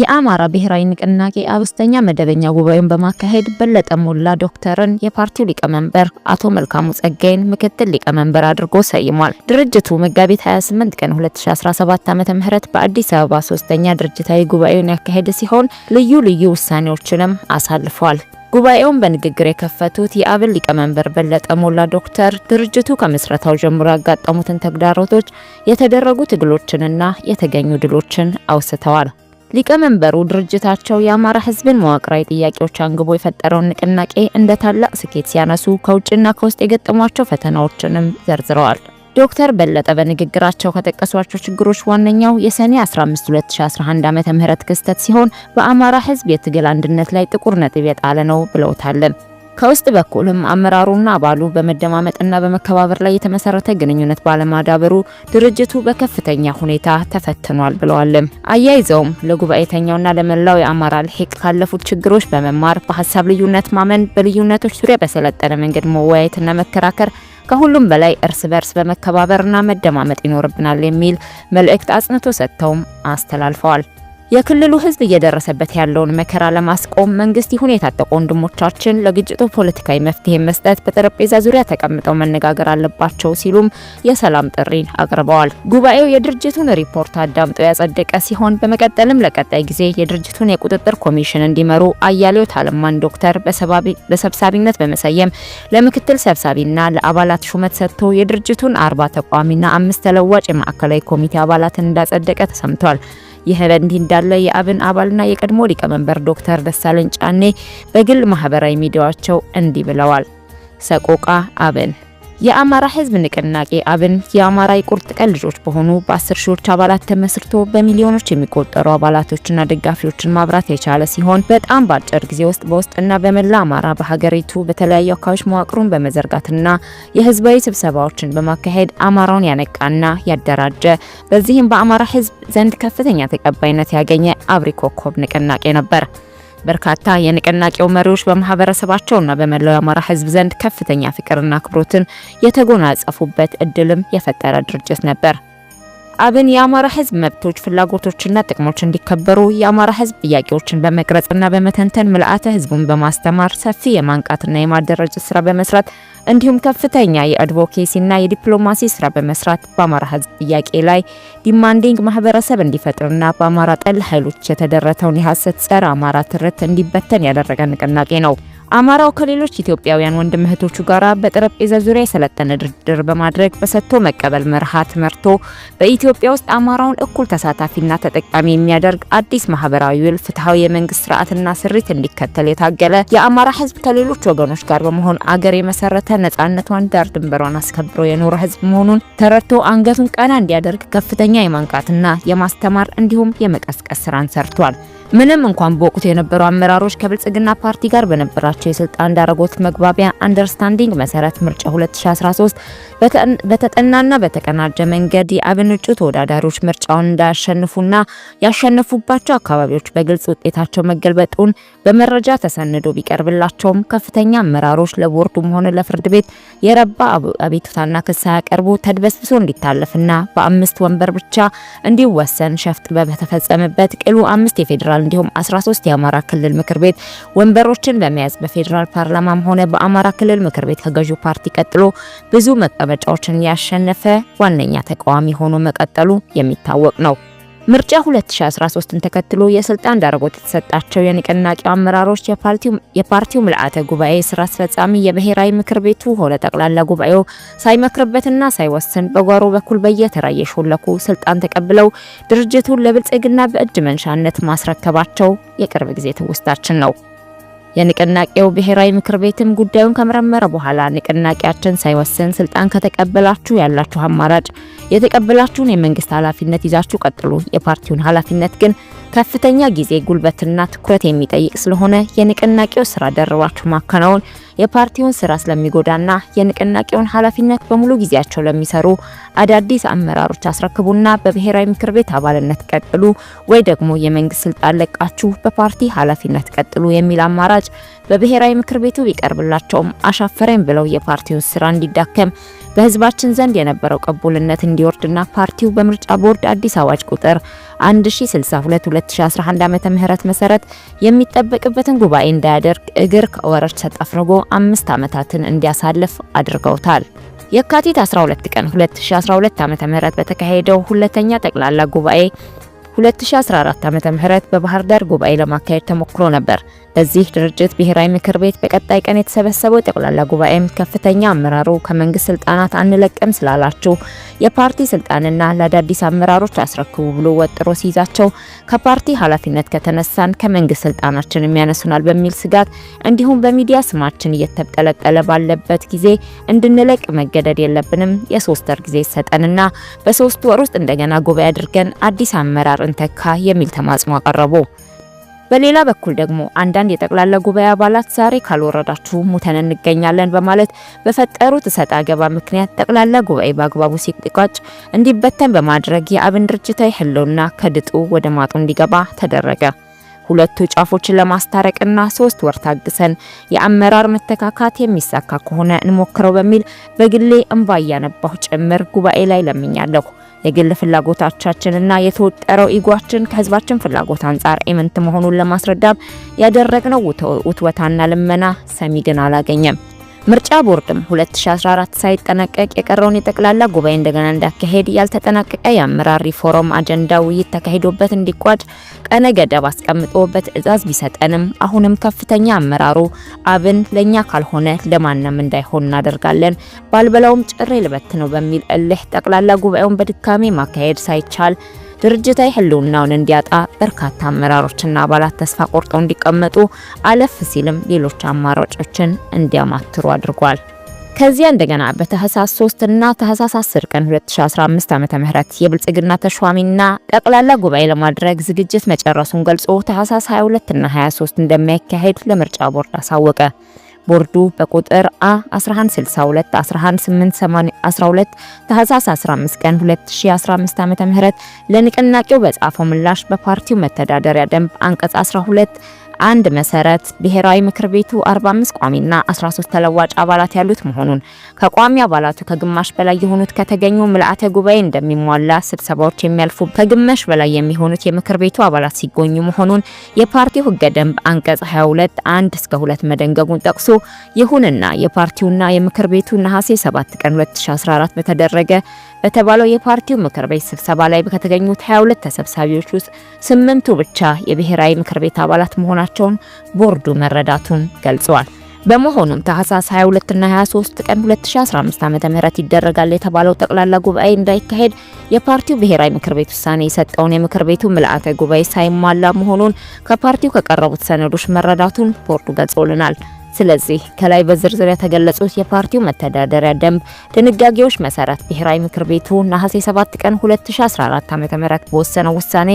የአማራ ብሔራዊ ንቅናቄ አብስተኛ መደበኛ ጉባኤውን በማካሄድ በለጠ ሞላ ዶክተርን የፓርቲው ሊቀመንበር፣ አቶ መልካሙ ጸጋይን ምክትል ሊቀመንበር አድርጎ ሰይሟል። ድርጅቱ መጋቢት 28 ቀን 2017 ም በአዲስ አበባ ሶስተኛ ድርጅታዊ ጉባኤውን ያካሄደ ሲሆን ልዩ ልዩ ውሳኔዎችንም አሳልፏል። ጉባኤውን በንግግር የከፈቱት የአብን ሊቀመንበር በለጠ ሞላ ዶክተር ድርጅቱ ከምስረታው ጀምሮ ያጋጠሙትን ተግዳሮቶች፣ የተደረጉ ትግሎችንና የተገኙ ድሎችን አውስተዋል። ሊቀመንበሩ ድርጅታቸው የአማራ ሕዝብን መዋቅራዊ ጥያቄዎች አንግቦ የፈጠረውን ንቅናቄ እንደ ታላቅ ስኬት ሲያነሱ ከውጭና ከውስጥ የገጠሟቸው ፈተናዎችንም ዘርዝረዋል። ዶክተር በለጠ በንግግራቸው ከጠቀሷቸው ችግሮች ዋነኛው የሰኔ 15 2011 ዓ.ም ክስተት ሲሆን በአማራ ሕዝብ የትግል አንድነት ላይ ጥቁር ነጥብ የጣለ ነው ብለውታለን። ከውስጥ በኩልም አመራሩና አባሉ በመደማመጥና በመከባበር ላይ የተመሰረተ ግንኙነት ባለማዳበሩ ድርጅቱ በከፍተኛ ሁኔታ ተፈትኗል ብለዋል። አያይዘውም ለጉባኤተኛውና ለመላው የአማራ ልሂቅ ካለፉት ችግሮች በመማር በሀሳብ ልዩነት ማመን፣ በልዩነቶች ዙሪያ በሰለጠነ መንገድ መወያየትና መከራከር ከሁሉም በላይ እርስ በርስ በመከባበርና መደማመጥ ይኖርብናል የሚል መልእክት አጽንቶ ሰጥተውም አስተላልፈዋል። የክልሉ ሕዝብ እየደረሰበት ያለውን መከራ ለማስቆም መንግስት ይሁን የታጠቁ ወንድሞቻችን ለግጭቱ ፖለቲካዊ መፍትሄ መስጠት በጠረጴዛ ዙሪያ ተቀምጠው መነጋገር አለባቸው ሲሉም የሰላም ጥሪን አቅርበዋል። ጉባኤው የድርጅቱን ሪፖርት አዳምጦ ያጸደቀ ሲሆን በመቀጠልም ለቀጣይ ጊዜ የድርጅቱን የቁጥጥር ኮሚሽን እንዲመሩ አያሌው ታለማን ዶክተር በሰብሳቢነት በመሰየም ለምክትል ሰብሳቢና ለአባላት ሹመት ሰጥቶ የድርጅቱን አርባ ተቋሚና አምስት ተለዋጭ የማዕከላዊ ኮሚቴ አባላትን እንዳጸደቀ ተሰምቷል። ይህ በእንዲህ እንዳለ የአብን አባልና የቀድሞ ሊቀመንበር ዶክተር ደሳለኝ ጫኔ በግል ማህበራዊ ሚዲያቸው እንዲህ ብለዋል። ሰቆቃ አብን የአማራ ህዝብ ንቅናቄ አብን የአማራ የቁርጥ ቀን ልጆች በሆኑ በ በ10 ሺዎች አባላት ተመስርቶ በሚሊዮኖች የሚቆጠሩ አባላቶችና ደጋፊዎችን ማብራት የቻለ ሲሆን በጣም በአጭር ጊዜ ውስጥ በውስጥና በመላ አማራ በሀገሪቱ በተለያዩ አካባቢዎች መዋቅሩን በመዘርጋትና የህዝባዊ ስብሰባዎችን በማካሄድ አማራውን ያነቃና ያደራጀ በዚህም በአማራ ህዝብ ዘንድ ከፍተኛ ተቀባይነት ያገኘ አብሪ ኮከብ ንቅናቄ ነበር። በርካታ የንቅናቄው መሪዎች በማህበረሰባቸውና በመላው የአማራ ህዝብ ዘንድ ከፍተኛ ፍቅርና አክብሮትን የተጎናጸፉበት እድልም የፈጠረ ድርጅት ነበር። አብን የአማራ ህዝብ መብቶች፣ ፍላጎቶችና ጥቅሞች እንዲከበሩ የአማራ ህዝብ ጥያቄዎችን በመቅረጽና በመተንተን ምልአተ ህዝቡን በማስተማር ሰፊ የማንቃትና የማደራጀት ስራ በመስራት እንዲሁም ከፍተኛ የአድቮኬሲና የዲፕሎማሲ ስራ በመስራት በአማራ ህዝብ ጥያቄ ላይ ዲማንዲንግ ማህበረሰብ እንዲፈጥርና በአማራ ጠል ኃይሎች የተደረተውን የሐሰት ጸረ አማራ ትርት እንዲበተን ያደረገ ንቅናቄ ነው። አማራው ከሌሎች ኢትዮጵያውያን ወንድም እህቶቹ ጋር በጠረጴዛ ዙሪያ የሰለጠነ ድርድር በማድረግ በሰጥቶ መቀበል መርሃት መርቶ በኢትዮጵያ ውስጥ አማራውን እኩል ተሳታፊና ተጠቃሚ የሚያደርግ አዲስ ማህበራዊ ውል፣ ፍትሐዊ የመንግስት ስርዓትና ስሪት እንዲከተል የታገለ የአማራ ህዝብ ከሌሎች ወገኖች ጋር በመሆን አገር የመሰረተ ነጻነቷን ዳር ድንበሯን አስከብሮ የኖረ ህዝብ መሆኑን ተረድቶ አንገቱን ቀና እንዲያደርግ ከፍተኛ የማንቃትና የማስተማር እንዲሁም የመቀስቀስ ስራን ሰርቷል። ምንም እንኳን በወቅቱ የነበሩ አመራሮች ከብልጽግና ፓርቲ ጋር በነበራቸው የስልጣን ዳረጎት መግባቢያ አንደርስታንዲንግ መሰረት ምርጫ 2013 በተጠናና በተቀናጀ መንገድ የአብን እጩ ተወዳዳሪዎች ምርጫውን እንዳያሸንፉና ያሸነፉባቸው አካባቢዎች በግልጽ ውጤታቸው መገልበጡን በመረጃ ተሰንዶ ቢቀርብላቸውም ከፍተኛ አመራሮች ለቦርዱም ሆነ ለፍርድ ቤት የረባ አቤቱታና ክስ ሳያቀርቡ ተድበስብሶ እንዲታለፍና በአምስት ወንበር ብቻ እንዲወሰን ሸፍጥ በተፈጸመበት ቅሉ አምስት የፌዴራል ሆስፒታል እንዲሁም 13 የአማራ ክልል ምክር ቤት ወንበሮችን በመያዝ በፌዴራል ፓርላማም ሆነ በአማራ ክልል ምክር ቤት ከገዢ ፓርቲ ቀጥሎ ብዙ መቀመጫዎችን ያሸነፈ ዋነኛ ተቃዋሚ ሆኖ መቀጠሉ የሚታወቅ ነው። ምርጫ 2013ን ተከትሎ የስልጣን ዳረጎት የተሰጣቸው የንቅናቄው አመራሮች የፓርቲው ምልአተ ጉባኤ ስራ አስፈጻሚ የብሔራዊ ምክር ቤቱ ሆነ ጠቅላላ ጉባኤው ሳይመክርበትና ሳይወስን በጓሮ በኩል በየተራ እየሾለኩ ስልጣን ተቀብለው ድርጅቱን ለብልጽግና በእጅ መንሻነት ማስረከባቸው የቅርብ ጊዜ ትውስታችን ነው። የንቅናቄው ብሔራዊ ምክር ቤትም ጉዳዩን ከመረመረ በኋላ ንቅናቄያችን ሳይወስን ስልጣን ከተቀበላችሁ ያላችሁ አማራጭ የተቀበላችሁን የመንግስት ኃላፊነት ይዛችሁ ቀጥሉ፣ የፓርቲውን ኃላፊነት ግን ከፍተኛ ጊዜ፣ ጉልበትና ትኩረት የሚጠይቅ ስለሆነ የንቅናቄው ስራ ደርባችሁ ማከናወን የፓርቲውን ስራ ስለሚጎዳና የንቅናቄውን ኃላፊነት በሙሉ ጊዜያቸው ለሚሰሩ አዳዲስ አመራሮች አስረክቡና በብሔራዊ ምክር ቤት አባልነት ቀጥሉ ወይ ደግሞ የመንግስት ስልጣን ለቃችሁ በፓርቲ ኃላፊነት ቀጥሉ የሚል አማራጭ በብሔራዊ ምክር ቤቱ ቢቀርብላቸውም አሻፈረኝ ብለው የፓርቲውን ስራ እንዲዳከም በህዝባችን ዘንድ የነበረው ቅቡልነት እንዲወርድና ፓርቲው በምርጫ ቦርድ አዲስ አዋጅ ቁጥር 1062/2011 ዓ.ም መሰረት የሚጠበቅበትን ጉባኤ እንዳያደርግ እግር ከወረድ ተጠፍንጎ አምስት ዓመታትን እንዲያሳልፍ አድርገውታል። የካቲት 12 ቀን 2012 ዓ.ም በተካሄደው ሁለተኛ ጠቅላላ ጉባኤ 2014 ዓ.ም በባህር ዳር ጉባኤ ለማካሄድ ተሞክሮ ነበር። በዚህ ድርጅት ብሔራዊ ምክር ቤት በቀጣይ ቀን የተሰበሰበው ጠቅላላ ጉባኤም ከፍተኛ አመራሩ ከመንግስት ስልጣናት አንለቅም ስላላችሁ የፓርቲ ስልጣንና ለአዳዲስ አመራሮች አስረክቡ ብሎ ወጥሮ ሲይዛቸው ከፓርቲ ኃላፊነት ከተነሳን ከመንግስት ስልጣናችን የሚያነሱናል በሚል ስጋት እንዲሁም በሚዲያ ስማችን እየተጠለጠለ ባለበት ጊዜ እንድንለቅ መገደድ የለብንም የሶስት ወር ጊዜ ሰጠንና በሶስት ወር ውስጥ እንደገና ጉባኤ አድርገን አዲስ አመራር እንተካ የሚል ተማጽኖ አቀረቡ። በሌላ በኩል ደግሞ አንዳንድ የጠቅላላ ጉባኤ አባላት ዛሬ ካልወረዳችሁ ሙተን እንገኛለን በማለት በፈጠሩት እሰጥ አገባ ምክንያት ጠቅላላ ጉባኤ በአግባቡ ሲቋጭ እንዲበተን በማድረግ የአብን ድርጅታዊ ህልውና ከድጡ ወደ ማጡ እንዲገባ ተደረገ። ሁለቱ ጫፎችን ለማስታረቅና ሶስት ወር ታግሰን የአመራር መተካካት የሚሳካ ከሆነ እንሞክረው በሚል በግሌ እንባ እያነባሁ ጭምር ጉባኤ ላይ ለምኛለሁ። የግል ፍላጎታቻችንና የተወጠረው ኢጓችን ከህዝባችን ፍላጎት አንጻር ኢምንት መሆኑን ለማስረዳም ያደረግነው ውትወታና ልመና ሰሚ ግን አላገኘም። ምርጫ ቦርድም 2014 ሳይጠናቀቅ የቀረውን የጠቅላላ ጉባኤ እንደገና እንዳካሄድ ያልተጠናቀቀ የአመራር ሪፎርም አጀንዳ ውይይት ተካሂዶበት እንዲቋጭ ቀነ ገደብ አስቀምጦ በትዕዛዝ ቢሰጠንም አሁንም ከፍተኛ አመራሩ አብን ለእኛ ካልሆነ ለማንም እንዳይሆን እናደርጋለን ባልበላውም ጭሬ ልበት ነው በሚል እልህ ጠቅላላ ጉባኤውን በድካሜ ማካሄድ ሳይቻል ድርጅታዊ ህልውናውን እንዲያጣ በርካታ አመራሮችና አባላት ተስፋ ቆርጠው እንዲቀመጡ፣ አለፍ ሲልም ሌሎች አማራጮችን እንዲያማትሩ አድርጓል። ከዚያ እንደገና በታህሳስ 3 እና ታህሳስ 10 ቀን 2015 ዓመተ ምህረት የብልጽግና ተሿሚና ጠቅላላ ጉባኤ ለማድረግ ዝግጅት መጨረሱን ገልጾ ታህሳስ 22 እና 23 እንደሚያካሄድ ለምርጫ ቦርድ አሳወቀ። ቦርዱ በቁጥር አ 1162 ታህሳስ 15 ቀን 2015 ዓ.ም ለንቅናቄው በጻፈው ምላሽ በፓርቲው መተዳደሪያ ደንብ አንቀጽ 12 አንድ መሰረት ብሔራዊ ምክር ቤቱ 45 ቋሚና 13 ተለዋጭ አባላት ያሉት መሆኑን ከቋሚ አባላቱ ከግማሽ በላይ የሆኑት ከተገኙ ምልአተ ጉባኤ እንደሚሟላ ስብሰባዎች የሚያልፉ ከግማሽ በላይ የሚሆኑት የምክር ቤቱ አባላት ሲገኙ መሆኑን የፓርቲው ህገ ደንብ አንቀጽ 22 1 እስከ 2 መደንገጉን ጠቅሶ ይሁንና የፓርቲውና የምክር ቤቱ ነሐሴ 7 ቀን 2014 በተደረገ በተባለው የፓርቲው ምክር ቤት ስብሰባ ላይ ከተገኙት 22 ተሰብሳቢዎች ውስጥ ስምንቱ ብቻ የብሔራዊ ምክር ቤት አባላት መሆናቸው መሆናቸውን ቦርዱ መረዳቱን ገልጸዋል። በመሆኑም ታህሳስ 22 እና 23 ቀን 2015 ዓ.ም ይደረጋል የተባለው ጠቅላላ ጉባኤ እንዳይካሄድ የፓርቲው ብሔራዊ ምክር ቤት ውሳኔ የሰጠውን የምክር ቤቱ ምልአተ ጉባኤ ሳይሟላ መሆኑን ከፓርቲው ከቀረቡት ሰነዶች መረዳቱን ቦርዱ ገልጾልናል። ስለዚህ ከላይ በዝርዝር የተገለጹት የፓርቲው መተዳደሪያ ደንብ ድንጋጌዎች መሰረት ብሔራዊ ምክር ቤቱ ነሐሴ 7 ቀን 2014 ዓ.ም በወሰነው ውሳኔ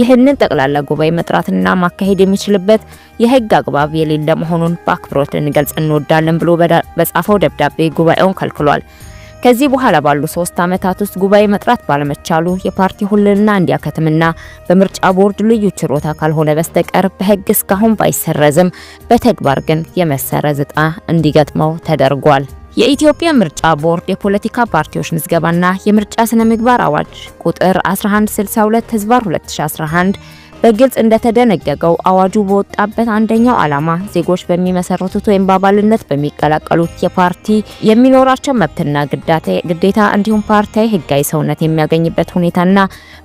ይህንን ጠቅላላ ጉባኤ መጥራትና ማካሄድ የሚችልበት የህግ አግባብ የሌለ መሆኑን በአክብሮት ልንገልጽ እንወዳለን ብሎ በጻፈው ደብዳቤ ጉባኤውን ከልክሏል። ከዚህ በኋላ ባሉ ሶስት ዓመታት ውስጥ ጉባኤ መጥራት ባለመቻሉ የፓርቲ ሁልና እንዲያከትምና በምርጫ ቦርድ ልዩ ችሮታ ካልሆነ በስተቀር በህግ እስካሁን ባይሰረዝም በተግባር ግን የመሰረዝ ዕጣ እንዲገጥመው ተደርጓል። የኢትዮጵያ ምርጫ ቦርድ የፖለቲካ ፓርቲዎች ምዝገባና የምርጫ ስነ ምግባር አዋጅ ቁጥር 1162 ህዝባር 2011 በግልጽ እንደተደነገገው አዋጁ በወጣበት አንደኛው ዓላማ ዜጎች በሚመሰረቱት ወይም በአባልነት በሚቀላቀሉት የፓርቲ የሚኖራቸው መብትና ግዴታ እንዲሁም ፓርቲያዊ ህጋዊ ሰውነት የሚያገኝበት ሁኔታና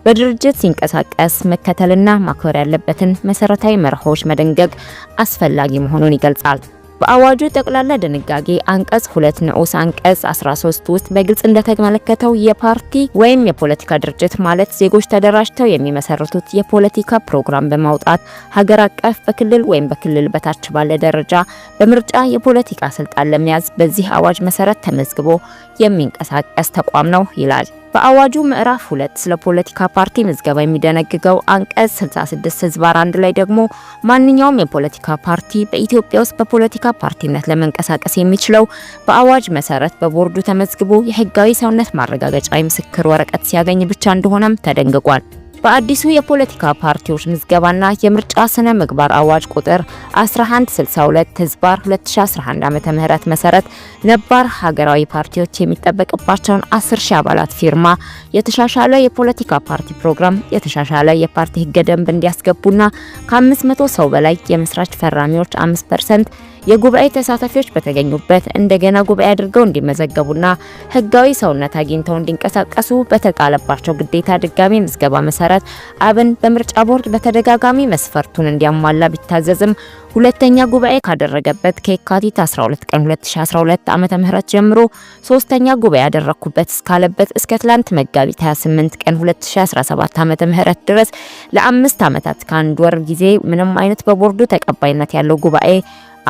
በድርጅት ሲንቀሳቀስ መከተልና ማክበር ያለበትን መሰረታዊ መርሆች መደንገግ አስፈላጊ መሆኑን ይገልጻል። በአዋጁ ጠቅላላ ድንጋጌ አንቀጽ ሁለት ንዑስ አንቀጽ 13 ውስጥ በግልጽ እንደተመለከተው የፓርቲ ወይም የፖለቲካ ድርጅት ማለት ዜጎች ተደራጅተው የሚመሰርቱት የፖለቲካ ፕሮግራም በማውጣት ሀገር አቀፍ፣ በክልል ወይም በክልል በታች ባለ ደረጃ በምርጫ የፖለቲካ ስልጣን ለመያዝ በዚህ አዋጅ መሰረት ተመዝግቦ የሚንቀሳቀስ ተቋም ነው ይላል። በአዋጁ ምዕራፍ 2 ስለ ፖለቲካ ፓርቲ ምዝገባ የሚደነግገው አንቀጽ 66 ህዝባር 1 ላይ ደግሞ ማንኛውም የፖለቲካ ፓርቲ በኢትዮጵያ ውስጥ በፖለቲካ ፓርቲነት ለመንቀሳቀስ የሚችለው በአዋጅ መሰረት በቦርዱ ተመዝግቦ የህጋዊ ሰውነት ማረጋገጫ የምስክር ወረቀት ሲያገኝ ብቻ እንደሆነም ተደንግጓል። በአዲሱ የፖለቲካ ፓርቲዎች ምዝገባና የምርጫ ስነ ምግባር አዋጅ ቁጥር 1162 ህዝባር 2011 ዓ.ም መሰረት ነባር ሀገራዊ ፓርቲዎች የሚጠበቅባቸውን 10 ሺህ አባላት ፊርማ የተሻሻለ የፖለቲካ ፓርቲ ፕሮግራም፣ የተሻሻለ የፓርቲ ህገ ደንብ እንዲያስገቡና ከ500 ሰው በላይ የመስራች ፈራሚዎች 5 ፐርሰንት የጉባኤ ተሳታፊዎች በተገኙበት እንደገና ጉባኤ አድርገው እንዲመዘገቡና ህጋዊ ሰውነት አግኝተው እንዲንቀሳቀሱ በተጣለባቸው ግዴታ ድጋሚ ምዝገባ መሰረት አብን በምርጫ ቦርድ በተደጋጋሚ መስፈርቱን እንዲያሟላ ቢታዘዝም ሁለተኛ ጉባኤ ካደረገበት ከየካቲት 12 ቀን 2012 ዓመተ ምህረት ጀምሮ ሶስተኛ ጉባኤ ያደረኩበት እስካለበት እስከ ትላንት መጋቢት 28 ቀን 2017 ዓመተ ምህረት ድረስ ለአምስት ዓመታት ከአንድ ወር ጊዜ ምንም አይነት በቦርዱ ተቀባይነት ያለው ጉባኤ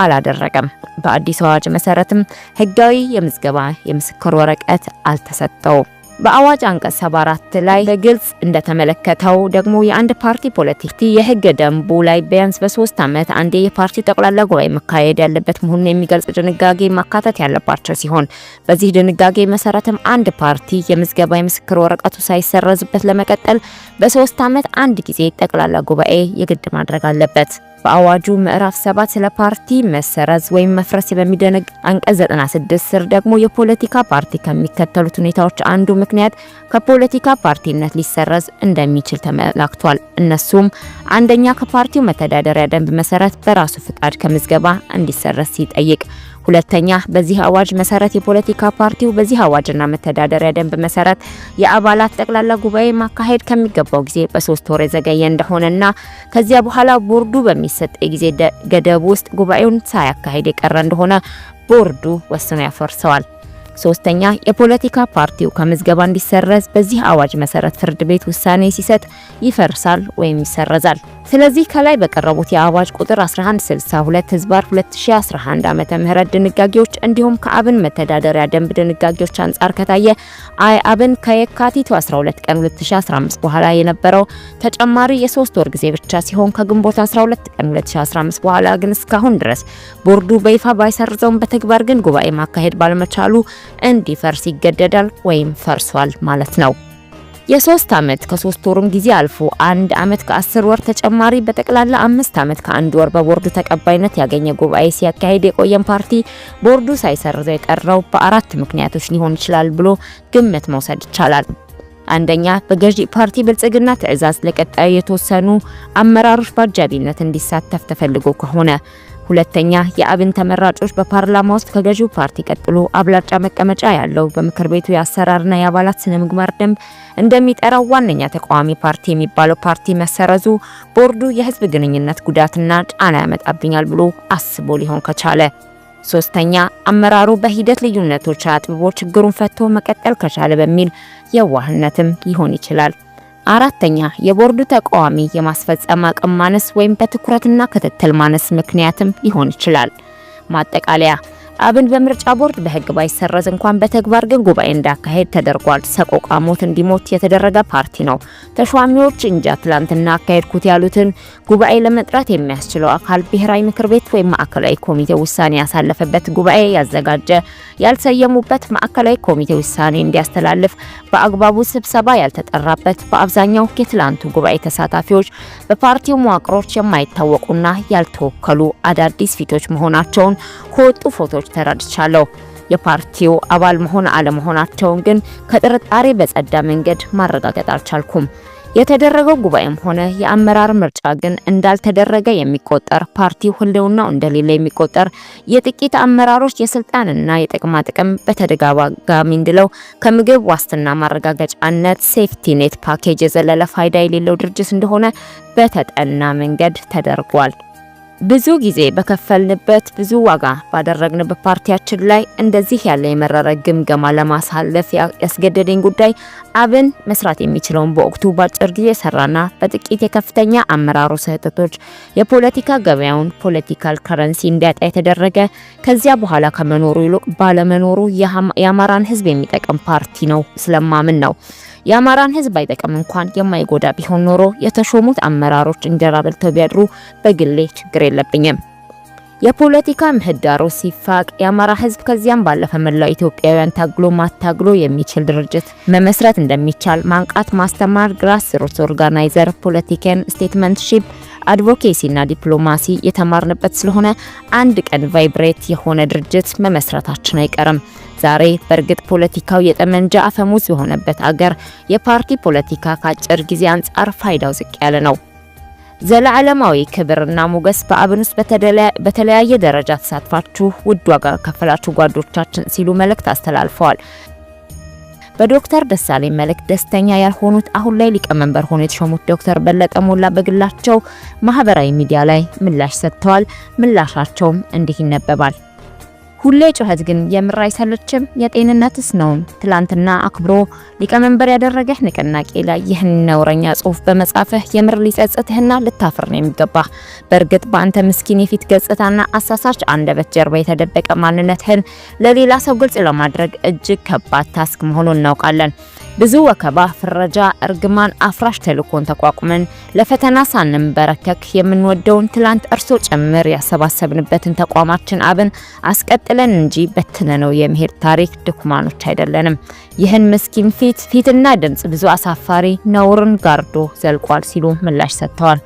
አላደረገም። በአዲስ አዋጅ መሰረትም ህጋዊ የምዝገባ የምስክር ወረቀት አልተሰጠው። በአዋጅ አንቀጽ 74 ላይ በግልጽ እንደተመለከተው ደግሞ የአንድ ፓርቲ ፖለቲክቲ የህገ ደንቡ ላይ ቢያንስ በሶስት ዓመት አንዴ የፓርቲ ጠቅላላ ጉባኤ መካሄድ ያለበት መሆኑን የሚገልጽ ድንጋጌ ማካተት ያለባቸው ሲሆን በዚህ ድንጋጌ መሰረትም አንድ ፓርቲ የምዝገባ የምስክር ወረቀቱ ሳይሰረዝበት ለመቀጠል በሶስት ዓመት አንድ ጊዜ ጠቅላላ ጉባኤ የግድ ማድረግ አለበት። በአዋጁ ምዕራፍ 7 ስለ ፓርቲ መሰረዝ ወይም መፍረስ በሚደነግ አንቀጽ 96 ስር ደግሞ የፖለቲካ ፓርቲ ከሚከተሉት ሁኔታዎች አንዱ ምክንያት ከፖለቲካ ፓርቲነት ሊሰረዝ እንደሚችል ተመላክቷል። እነሱም አንደኛ ከፓርቲው መተዳደሪያ ደንብ መሰረት በራሱ ፍቃድ ከምዝገባ እንዲሰረዝ ሲጠይቅ ሁለተኛ በዚህ አዋጅ መሰረት የፖለቲካ ፓርቲው በዚህ አዋጅና መተዳደሪያ ደንብ መሰረት የአባላት ጠቅላላ ጉባኤ ማካሄድ ከሚገባው ጊዜ በሶስት ወር የዘገየ እንደሆነና ከዚያ በኋላ ቦርዱ በሚሰጥ የጊዜ ገደብ ውስጥ ጉባኤውን ሳያካሄድ የቀረ እንደሆነ ቦርዱ ወስኖ ያፈርሰዋል። ሶስተኛ የፖለቲካ ፓርቲው ከምዝገባ እንዲሰረዝ በዚህ አዋጅ መሰረት ፍርድ ቤት ውሳኔ ሲሰጥ ይፈርሳል ወይም ይሰረዛል። ስለዚህ ከላይ በቀረቡት የአዋጅ ቁጥር 1162 ህዝባር 2011 ዓ ም ድንጋጌዎች እንዲሁም ከአብን መተዳደሪያ ደንብ ድንጋጌዎች አንጻር ከታየ አይ አብን ከየካቲቱ 12 ቀን 2015 በኋላ የነበረው ተጨማሪ የሶስት ወር ጊዜ ብቻ ሲሆን ከግንቦት 12 ቀን 2015 በኋላ ግን እስካሁን ድረስ ቦርዱ በይፋ ባይሰርዘውም በተግባር ግን ጉባኤ ማካሄድ ባለመቻሉ እንዲፈርስ ይገደዳል ወይም ፈርሷል ማለት ነው። የሶስት ዓመት ከሶስት ወሩም ጊዜ አልፎ አንድ ዓመት ከአስር ወር ተጨማሪ በጠቅላላ አምስት ዓመት ከአንድ ወር በቦርዱ ተቀባይነት ያገኘ ጉባኤ ሲያካሄድ የቆየን ፓርቲ ቦርዱ ሳይሰርዘ የቀረው በአራት ምክንያቶች ሊሆን ይችላል ብሎ ግምት መውሰድ ይቻላል። አንደኛ በገዢ ፓርቲ ብልጽግና ትዕዛዝ ለቀጣዩ የተወሰኑ አመራሮች በአጃቢነት እንዲሳተፍ ተፈልጎ ከሆነ ሁለተኛ የአብን ተመራጮች በፓርላማ ውስጥ ከገዢው ፓርቲ ቀጥሎ አብላጫ መቀመጫ ያለው በምክር ቤቱ የአሰራርና የአባላት ስነ ምግባር ደንብ እንደሚጠራው ዋነኛ ተቃዋሚ ፓርቲ የሚባለው ፓርቲ መሰረዙ ቦርዱ የህዝብ ግንኙነት ጉዳትና ጫና ያመጣብኛል ብሎ አስቦ ሊሆን ከቻለ። ሶስተኛ አመራሩ በሂደት ልዩነቶች አጥብቦ ችግሩን ፈቶ መቀጠል ከቻለ በሚል የዋህነትም ሊሆን ይችላል። አራተኛ የቦርዱ ተቃዋሚ የማስፈጸም አቅም ማነስ ወይም በትኩረትና ክትትል ማነስ ምክንያትም ሊሆን ይችላል። ማጠቃለያ አብን በምርጫ ቦርድ በህግ ባይሰረዝ እንኳን በተግባር ግን ጉባኤ እንዳካሄድ ተደርጓል። ሰቆቃ ሞት እንዲሞት የተደረገ ፓርቲ ነው። ተሿሚዎች እንጃ ትላንትና አካሄድኩት ያሉትን ጉባኤ ለመጥራት የሚያስችለው አካል ብሔራዊ ምክር ቤት ወይም ማዕከላዊ ኮሚቴ ውሳኔ ያሳለፈበት ጉባኤ ያዘጋጀ፣ ያልሰየሙበት ማዕከላዊ ኮሚቴ ውሳኔ እንዲያስተላልፍ፣ በአግባቡ ስብሰባ ያልተጠራበት፣ በአብዛኛው የትላንቱ ጉባኤ ተሳታፊዎች በፓርቲው መዋቅሮች የማይታወቁና ያልተወከሉ አዳዲስ ፊቶች መሆናቸውን ከወጡ ፎቶች ሰዎች ተረድቻለሁ። የፓርቲው አባል መሆን አለመሆናቸውን ግን ከጥርጣሬ በጸዳ መንገድ ማረጋገጥ አልቻልኩም። የተደረገው ጉባኤም ሆነ የአመራር ምርጫ ግን እንዳልተደረገ የሚቆጠር ፓርቲው ህልውናው እንደሌለ የሚቆጠር የጥቂት አመራሮች የስልጣንና የጥቅማ ጥቅም በተደጋጋሚ እንድለው ከምግብ ዋስትና ማረጋገጫነት ሴፍቲ ኔት ፓኬጅ የዘለለ ፋይዳ የሌለው ድርጅት እንደሆነ በተጠና መንገድ ተደርጓል። ብዙ ጊዜ በከፈልንበት ብዙ ዋጋ ባደረግንበት ፓርቲያችን ላይ እንደዚህ ያለ የመረረ ግምገማ ለማሳለፍ ያስገደደኝ ጉዳይ አብን መስራት የሚችለውን በወቅቱ በአጭር ጊዜ ሰራና በጥቂት የከፍተኛ አመራሩ ስህተቶች የፖለቲካ ገበያውን ፖለቲካል ከረንሲ እንዲያጣ የተደረገ ከዚያ በኋላ ከመኖሩ ይልቅ ባለመኖሩ የአማራን ሕዝብ የሚጠቅም ፓርቲ ነው ስለማምን ነው። የአማራን ህዝብ አይጠቅም እንኳን የማይጎዳ ቢሆን ኖሮ የተሾሙት አመራሮች እንጀራ በልተው ቢያድሩ በግሌ ችግር የለብኝም። የፖለቲካ ምህዳሩ ሲፋቅ የአማራ ህዝብ ከዚያም ባለፈ መላው ኢትዮጵያውያን ታግሎ ማታግሎ የሚችል ድርጅት መመስረት እንደሚቻል ማንቃት ማስተማር ግራስ ሩት ኦርጋናይዘር ፖለቲካን ስቴትመንትሺፕ አድቮኬሲና ዲፕሎማሲ የተማርንበት ስለሆነ አንድ ቀን ቫይብሬት የሆነ ድርጅት መመስረታችን አይቀርም። ዛሬ በእርግጥ ፖለቲካው የጠመንጃ አፈሙዝ የሆነበት አገር የፓርቲ ፖለቲካ ከአጭር ጊዜ አንጻር ፋይዳው ዝቅ ያለ ነው። ዘለዓለማዊ ክብርና ሞገስ በአብን ውስጥ በተለያየ ደረጃ ተሳትፋችሁ ውድ ዋጋ ከፈላችሁ ጓዶቻችን ሲሉ መልእክት አስተላልፈዋል። በዶክተር ደሳለኝ መልእክት ደስተኛ ያልሆኑት አሁን ላይ ሊቀመንበር ሆኖ የተሾሙት ዶክተር በለጠ ሞላ በግላቸው ማህበራዊ ሚዲያ ላይ ምላሽ ሰጥተዋል። ምላሻቸውም እንዲህ ይነበባል። ሁሌ ጩኸት ግን የምር አይሰለችም። የጤንነትስ ነው? ትላንትና አክብሮ ሊቀመንበር ያደረገህ ንቅናቄ ላይ ይህን ነውረኛ ጽሁፍ በመጻፍህ የምር ሊጸጽትህና ልታፍር ነው የሚገባ። በእርግጥ በአንተ ምስኪን የፊት ገጽታና አሳሳች አንደበት ጀርባ የተደበቀ ማንነትህን ለሌላ ሰው ግልጽ ለማድረግ እጅግ ከባድ ታስክ መሆኑን እናውቃለን። ብዙ ወከባ፣ ፍረጃ፣ እርግማን አፍራሽ ተልእኮን ተቋቁመን ለፈተና ሳንንበረከክ የምንወደውን ትላንት እርሶ ጭምር ያሰባሰብንበትን ተቋማችን አብን አስቀጥለን እንጂ በትነነው የመሄድ ታሪክ ድኩማኖች አይደለንም። ይህን ምስኪን ፊት ፊትና ድምፅ ብዙ አሳፋሪ ነውርን ጋርዶ ዘልቋል ሲሉ ምላሽ ሰጥተዋል።